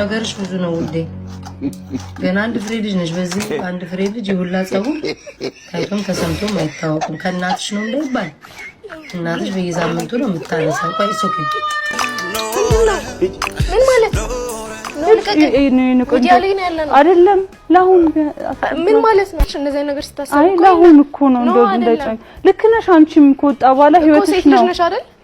ነገርሽ ብዙ ነው ውዴ። ገና አንድ ፍሬ ልጅ ነች። በዚህ አንድ ፍሬ ልጅ ይሁላ ጸጉር ታይቶም ተሰምቶም አይታወቅም። ከእናትሽ ነው እንዳይባል እናትሽ በየሳምንቱ ነው የምታነሳው። ቆይ ሶኬ ምን ማለት ነው? አይደለም ለአሁን ምን ማለት ነው? እንደዚህ ነገር ስታስብ ለአሁን እኮ ነው እንደው እንዳይጫኝ። ልክ ነሽ። አንቺም ከወጣ በኋላ ህይወትሽ ነው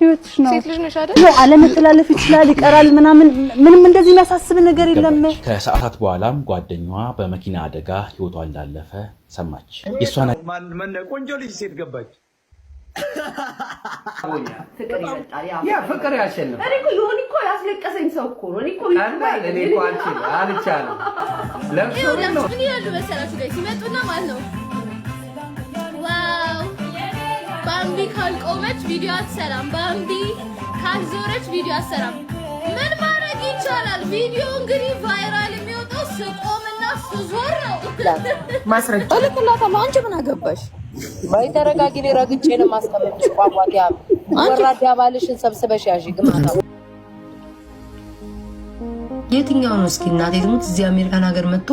ህይወትሽ ነው። አለመተላለፍ ይችላል ይቀራል ምናምን ምንም እንደዚህ የሚያሳስብ ነገር የለም። ከሰዓታት በኋላም ጓደኛዋ በመኪና አደጋ ህይወቷ እንዳለፈ ሰማች። የእሷን ቆንጆ ልጅ ሴት ገባች። ፍቅር ያሸንፋል። ሰው እኮ ነው። እኔ እኮ አልቻለም። ለብሶ ነው ምን ይላሉ መሰላችሁ? ላይ ሲመጡና ማለት ነው ዋው ባምቢ ካልቆመች ቪዲዮ አትሰራም፣ ባምቢ ካልዞረች ቪዲዮ አትሰራም። ምን ማድረግ ይቻላል? ቪዲዮ እንግዲህ ቫይራል የሚወጣው ስቆምና ስዞር ነው። ማስረጃ እልክላታለሁ። አንቺ ምን አገባሽ? ወይ ተረጋጊ። ረግጬ ነው የማስቀምጥሽ። ቋቋት ወራዳ ባልሽን ሰብስበሽ ያዢ ግማታ የትኛው ነው እስኪ እናቴ ትሙት እዚህ አሜሪካን ሀገር መጥቶ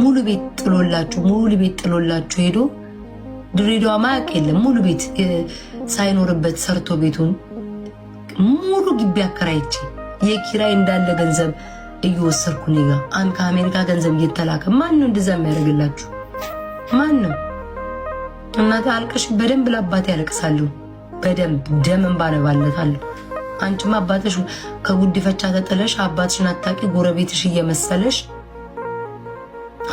ሙሉ ቤት ጥሎላችሁ ሙሉ ቤት ጥሎላችሁ ሄዶ ድሬዳዋ ማያቅ የለም ሙሉ ቤት ሳይኖርበት ሰርቶ ቤቱን ሙሉ ግቢ አከራይቼ የኪራይ እንዳለ ገንዘብ እየወሰድኩ እኔ ጋ ከአሜሪካ ገንዘብ እየተላከ ማን ነው እንደዛ የሚያደርግላችሁ? ማን ነው እናት? አልቀሽ በደንብ ለአባቴ ያለቅሳለሁ። በደንብ ደምን ባነባለታለሁ። አንቺማ አባትሽ ከጉዲፈቻ ተጥለሽ አባትሽን አታቂ ጎረቤትሽ እየመሰለሽ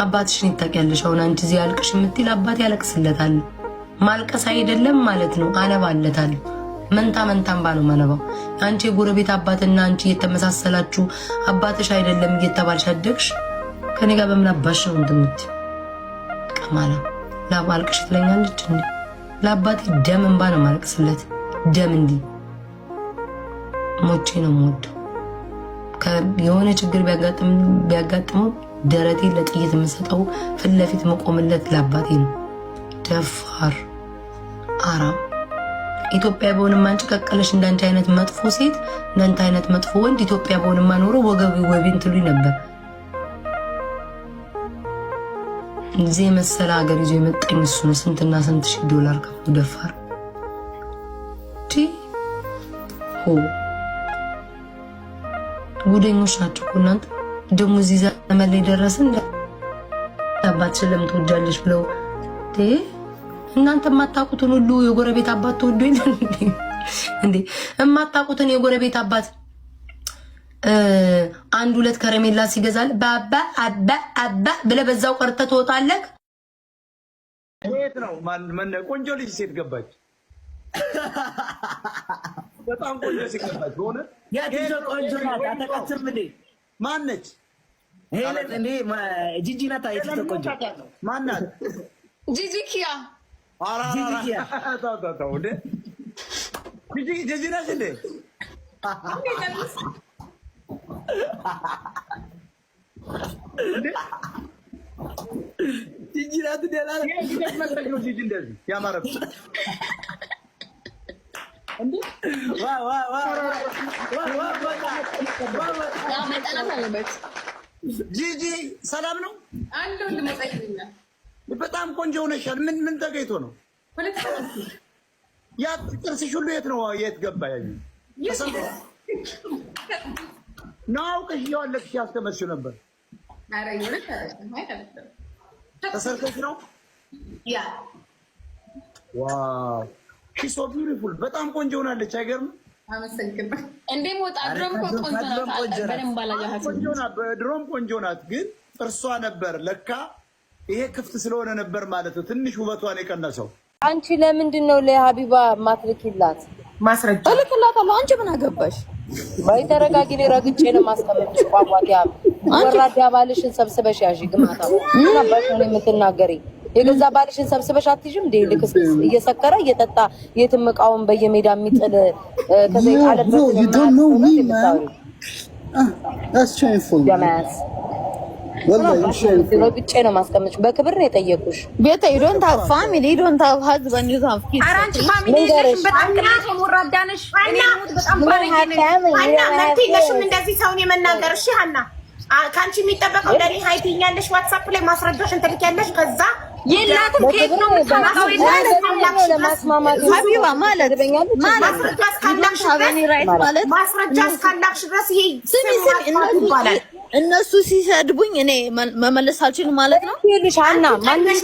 አባትሽን ይታቂያለሽ። አሁን አንቺ እዚህ አልቅሽ የምትል አባት ያለቅስለታል። ማልቀስ አይደለም ማለት ነው፣ አነባለታል። መንታ መንታ እንባ ነው ማነባው። አንቺ የጎረቤት አባትና አንቺ እየተመሳሰላችሁ አባትሽ አይደለም እየተባልሽ አደግሽ። ከኔ ጋር በምን አባሽ ነው እንደምት ቀማላ ላባ አልቅሽ ትለኛለች እንዴ? ለአባቴ ደም እንባ ነው ማልቅስለት ደም እንዲህ ሞቼ ነው ሞዱ የሆነ ችግር ቢያጋጥመው ደረቴ ለጥይት የምሰጠው ፊት ለፊት መቆምለት ለአባቴ ነው። ደፋር አራም ኢትዮጵያ በሆን ማንጨቀቀለሽ እንዳንቺ አይነት መጥፎ ሴት እንዳንተ አይነት መጥፎ ወንድ ኢትዮጵያ በሆን ማኖሮ ወገብ ወቢን ትሉኝ ነበር። እዚህ የመሰለ ሀገር ይዞ የመጣኝ እሱ ነው። ስንትና ስንት ሺህ ዶላር ከፍሎ ደፋር ሆ ጉደኞች ናቸው። እናንተ ደግሞ እዚህ ዘመን ላይ ደረስን። አባትሽን ለምን ትወጃለሽ ብለው እናንተ የማታውቁትን ሁሉ የጎረቤት አባት ተወዶ እንዴ? የማታውቁትን የጎረቤት አባት አንድ ሁለት ከረሜላ ሲገዛል በአባ አባ አባ ብለህ በዛው ቀርተህ ትወጣለህ። ቆንጆ ልጅ ሴት ገባች። በጣም ቆንጆ ሲቀርበት ሆነ የትኛው ቆንጆ ናት? አታውቃትም? ማነች? ሄለን እኔ ጂጂ ናት። የትኛው ቆንጆ ማናት? ጂጂ ኪያ ጂጂ ናት እንዴ? ጂጂ ናት እንደዚህ ያማረብሽ ጂጂ ሰላም ነው። አንድ በጣም ቆንጆ ሆነሻል። ምን ምን ተገኝቶ ነው? ያ ጥርስሽ ሁሉ የት ነው? የት ገባ? ያዩ ነው ነበር። ተሰርተሽ ነው? ያ ዋው ሺሶ ቢዩቲፉል በጣም ቆንጆ ሆናለች። አይገርም ድሮም ቆንጆ ናት፣ ግን ጥርሷ ነበር ለካ ይሄ ክፍት ስለሆነ ነበር ማለት ነው ትንሽ ውበቷን የቀነሰው። አንቺ ለምንድን ነው ለሀቢባ ማትልኪላት ማስረጃ? እልክላታለሁ። አንቺ ምን አገባሽ? ወይ ተረጋጊ። እኔ ረግጬ ነው ማስቀመጥሽ። ቋቋት ያ ወራዳ ባልሽን ሰብስበሽ ያዥ ግማታ ነበር ነው የምትናገሪ የገዛ ባልሽን ሰብስበሽ አትይዥም እንዴ? ልክስ እየሰከረ እየጠጣ የትም እቃውን በየሜዳ የሚጥል ah, ነው በክብር ነው ቤተ ፋሚሊ ፋሚሊ ነሽ። በጣም በጣም ነኝ። ሀና መብት የለሽም እንደዚህ ሰውን የመናገር እሺ ሀና ከአንቺ የሚጠበቀው ለኔ ሀይ ዋትሳፕ ላይ ማስረጃሽን ትልኪያለሽ። ከዛ የላትም ነው ማለት ማስረጃ እስካላክሽ ድረስ ይሄ ስሚ ስሚ ይባላል። እነሱ ሲሰድቡኝ እኔ መመለስ አልችልም ማለት ነው። ይኸውልሽ አና ማንሽ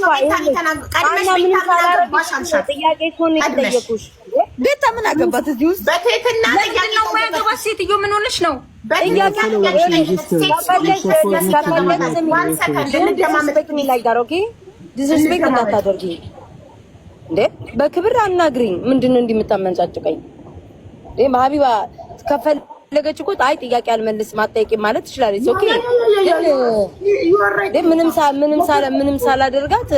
ቤታ ምን አገባት እዚህ ውስጥ? በትህትና ነው ማያገባት ሴትዮ ምን ሆነሽ ነው? በክብር አናግሪኝ። ምንድን ነው ሀቢባ ከፈለገች እኮ አይ ጥያቄ አልመልስም አትጠይቂም ማለት ትችላለች። ምንም ሳላደርጋት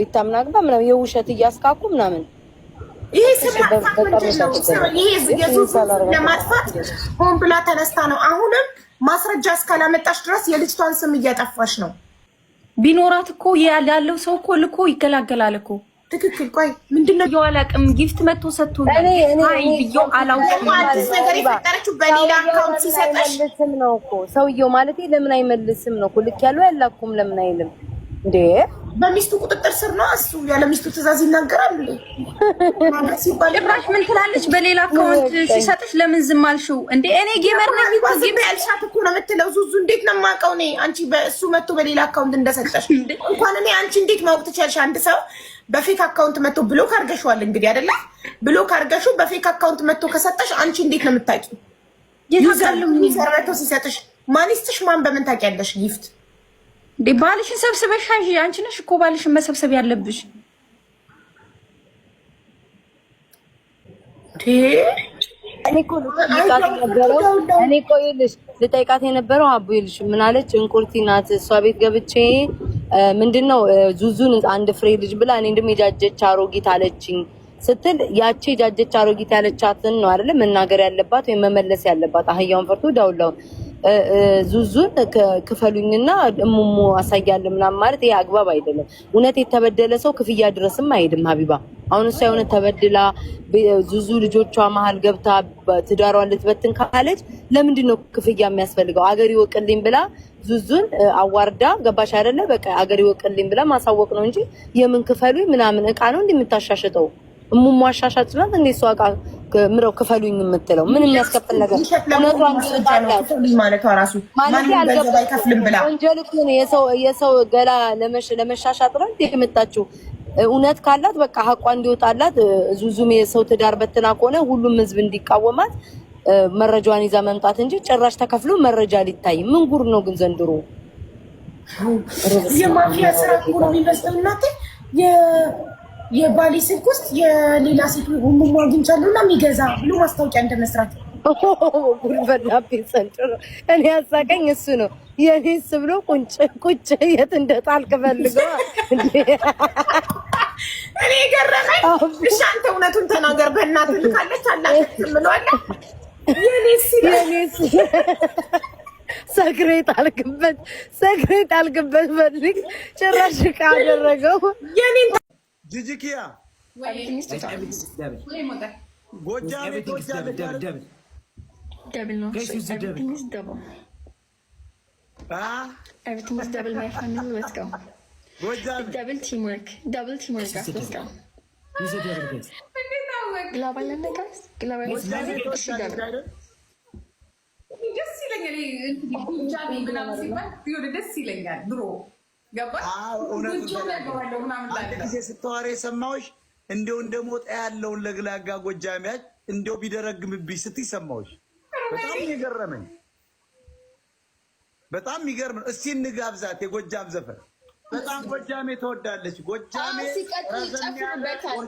ቤታ ምን ምናምን የውሸት እያስካኩ ምናምን ይሄ ስም ማጥፋት ምንድን ነው? ይሄ ለማጥፋት ሆን ብላ ተነስታ ነው። አሁንም ማስረጃ እስካላመጣሽ ድረስ የልጅቷን ስም እያጠፋሽ ነው። ቢኖራት እኮ ያለው ሰው እኮ ልኮ ይገላገላል እኮ። ትክክል። ቆይ ምንድን ነው የዋላ ቅም ጊፍት መጥቶ ሰጥቶኛል ብዬ አላውቅም። አዲስ ነገር የፈጠረችው በሌላ አካውንት ሲሰጠሽ ነው እኮ ሰውየው ማለት ለምን አይመልስም ነው እኮ ልክ ያለው ያላኩም ለምን አይልም እንዴ? በሚስቱ ቁጥጥር ስር ነው። እሱ ያለ ሚስቱ ትእዛዝ ይናገራል ሲባል ጭራሽ ምን ትላለች? በሌላ አካውንት ሲሰጥሽ ለምን ዝም አልሽው እንዴ? እኔ ጌመር ነው ያልሻት እኮ ነው የምትለው። ዙዙ እንዴት ነው የማውቀው እኔ አንቺ እሱ መጥቶ በሌላ አካውንት እንደሰጠሽ እንኳን እኔ አንቺ እንዴት ማወቅ ትችያለሽ? አንድ ሰው በፌክ አካውንት መጥቶ ብሎክ አድርገሽዋል እንግዲህ አይደለ? ብሎክ አድርገሽው በፌክ አካውንት መጥቶ ከሰጠሽ አንቺ እንዴት ነው የምታውቂው? ሰርበቶ ሲሰጥሽ ማን ይስጥሽ? ማን በምን ታውቂያለሽ? ጊፍት እንዴ ባልሽን ሰብስበሽ አንቺ አንቺ ነሽ እኮ ባልሽን መሰብሰብ ያለብሽ። እኔ እኮ ይልሽ ልጠይቃት የነበረው አቡ ይልሽ ምን አለች? እንቁርቲ ናት እሷ ቤት ገብቼ ምንድነው ዙዙን አንድ ፍሬ ልጅ ብላ እኔ እንደም የጃጀች አሮጊት አለችኝ ስትል ያቺ የጃጀች አሮጊት ያለቻትን ነው አይደለ መናገር ያለባት ወይም መመለስ ያለባት አህያውን ፈርቶ ዳውላውን ዙዙን ክፈሉኝና እሙሙ አሳያለ ምናምን ማለት ይሄ አግባብ አይደለም። እውነት የተበደለ ሰው ክፍያ ድረስም አይሄድም። ሀቢባ አሁን እሷ የሆነ ተበድላ ዙዙ ልጆቿ መሀል ገብታ ትዳሯን ልትበትን ካለች ለምንድን ነው ክፍያ የሚያስፈልገው? አገር ይወቅልኝ ብላ ዙዙን አዋርዳ ገባሽ አይደለ? በቃ አገር ይወቅልኝ ብላ ማሳወቅ ነው እንጂ የምን ክፈሉኝ ምናምን እቃ ነው የምታሻሽጠው? እሙሙ አሻሻጭ ናት እንዴ እሷ እቃ ምረው ክፈሉኝ የምትለው ምን የሚያስከፍል ነገር? ወንጀል እኮ የሰው ገላ ለመሻሻጥ ነው የመጣችው። እውነት ካላት በቃ ሀቋ እንዲወጣላት ዙዙም የሰው ትዳር በትና ከሆነ ሁሉም ህዝብ እንዲቃወማት መረጃዋን ይዛ መምጣት እንጂ ጭራሽ ተከፍሎ መረጃ ሊታይ ምን ጉር ነው ግን ዘንድሮ የማፊያ ስራ ነው የሚመስለው እናቴ የባሌ ስልክ ውስጥ የሌላ ሴት ሁሉም አግኝቻለሁ እና የሚገዛ ብሎ ማስታወቂያ እንደመስራት ጉልበናቤ ሰንጭሮ እኔ ያሳቀኝ እሱ ነው። የኔስ ብሎ ቁንጭ ቁጭ የት እንደጣልክ ፈልገዋ እኔ ገረመኝ። እሺ አንተ እውነቱን ተናገር በእናትህ ልካለች አላት ትምለዋለ የኔስ የኔስ ሰግሬ ጣልክበት ሰግሬ ጣልክበት ፈልግ ጭራሽ ካደረገው የኔን ጂጂ ኪያ ጎጃሜ ደስ ይለኛል። ድሮ ጊዜ ስታወራ የሰማሁሽ እንደው እንደ ሞጣ ያለውን ለግላጋ ጎጃሚያች እንደው ቢደረግምብኝ ስትይ ሰማሁሽ። በጣም የገረመኝ በጣም የሚገርም እስቲ እንጋብዛት የጎጃም ዘፈን በጣም ጎጃሜ ተወዳለች። ጎጃሜ ሲቀጥል ይጨፍርበታል።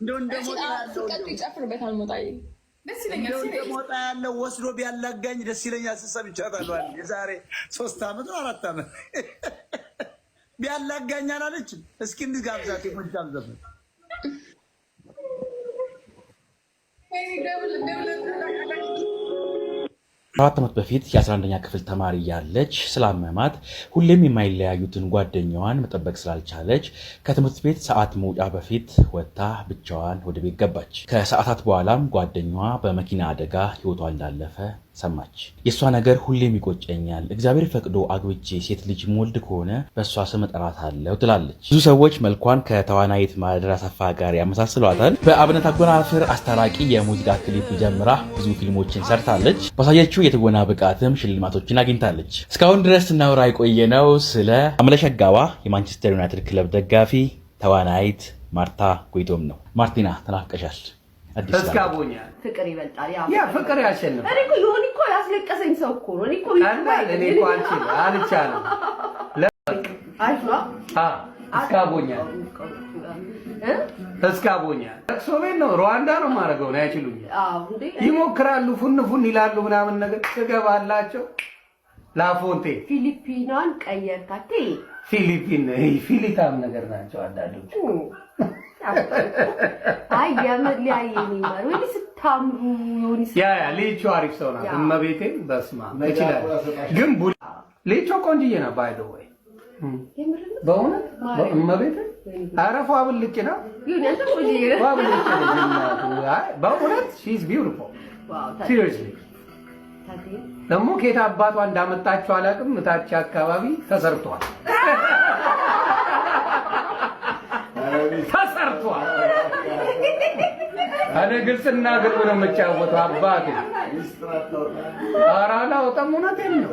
እንደው እንደ ሞጣ ያለውን ሲቀጥል ይጨፍርበታል ሞጣዬ ሞጣ ያለው ወስዶ ቢያላጋኝ ደስ ይለኛል። ሰምቻታለሁ የዛሬ ሶስት ዓመት ነው አራት ዓመት ቢያላጋኝ አላለችም። እስኪ እንዲህ የጎጃም ዘፈን አራት ዓመት በፊት የ11ኛ ክፍል ተማሪ ያለች ስላመማት ሁሌም የማይለያዩትን ጓደኛዋን መጠበቅ ስላልቻለች ከትምህርት ቤት ሰዓት መውጫ በፊት ወጥታ ብቻዋን ወደ ቤት ገባች። ከሰዓታት በኋላም ጓደኛዋ በመኪና አደጋ ሕይወቷ እንዳለፈ ሰማች። የእሷ ነገር ሁሌም ይቆጨኛል፣ እግዚአብሔር ፈቅዶ አግብቼ ሴት ልጅ ሞልድ ከሆነ በእሷ ስም እጠራታለሁ ትላለች። ብዙ ሰዎች መልኳን ከተዋናይት ማደራ ሰፋ ጋር ያመሳስሏታል። በአብነት አጎናፍር አስታራቂ የሙዚቃ ክሊፕ ጀምራ ብዙ ፊልሞችን ሰርታለች። ባሳየችው የትወና ብቃትም ሽልማቶችን አግኝታለች። እስካሁን ድረስ ስናወራ የቆየነው ስለ አመለሸጋዋ የማንቸስተር ዩናይትድ ክለብ ደጋፊ ተዋናይት ማርታ ጎይቶም ነው። ማርቲና ተናፍቀሻል። ተስካቦኛል ፍቅር ይበልጣል። ያ ፍቅር ያሸንፋል። እኔ እኮ የሆነ እኮ ያስለቀሰኝ ሰው እኮ ነው። እኔ እኮ እኔ እኮ አልችልም አልቻለም። ተስካቦኛል ተስካቦኛል። ለቅሶ ቤት ነው ሩዋንዳ ነው የማደርገው። ነው አይችሉኝም። ይሞክራሉ፣ ፉን ፉን ይላሉ ምናምን ነገር ትገባላቸው። ላፎንቴ ፊሊፒናን ቀየርካቴ ፊሊፒን ፊሊታም ነገር ናቸው አንዳንዶቹ አይ አሪፍ ሰው ናት። እመቤቴ በስማ ይችላል። ግን ቆንጅዬ ናት። ባይ ዘ ወይ በእውነት ብልጭ ነው በእውነት ቢውቲፉል ደግሞ ከየት አባቷ እንዳመጣችው አላውቅም። እታች አካባቢ ተሰርቷል። ተሰርቷል። እኔ ግልጽና ግልጽ ነው የምጫወተው አባቴ። ኧረ አላወጣም፣ እውነቴን ነው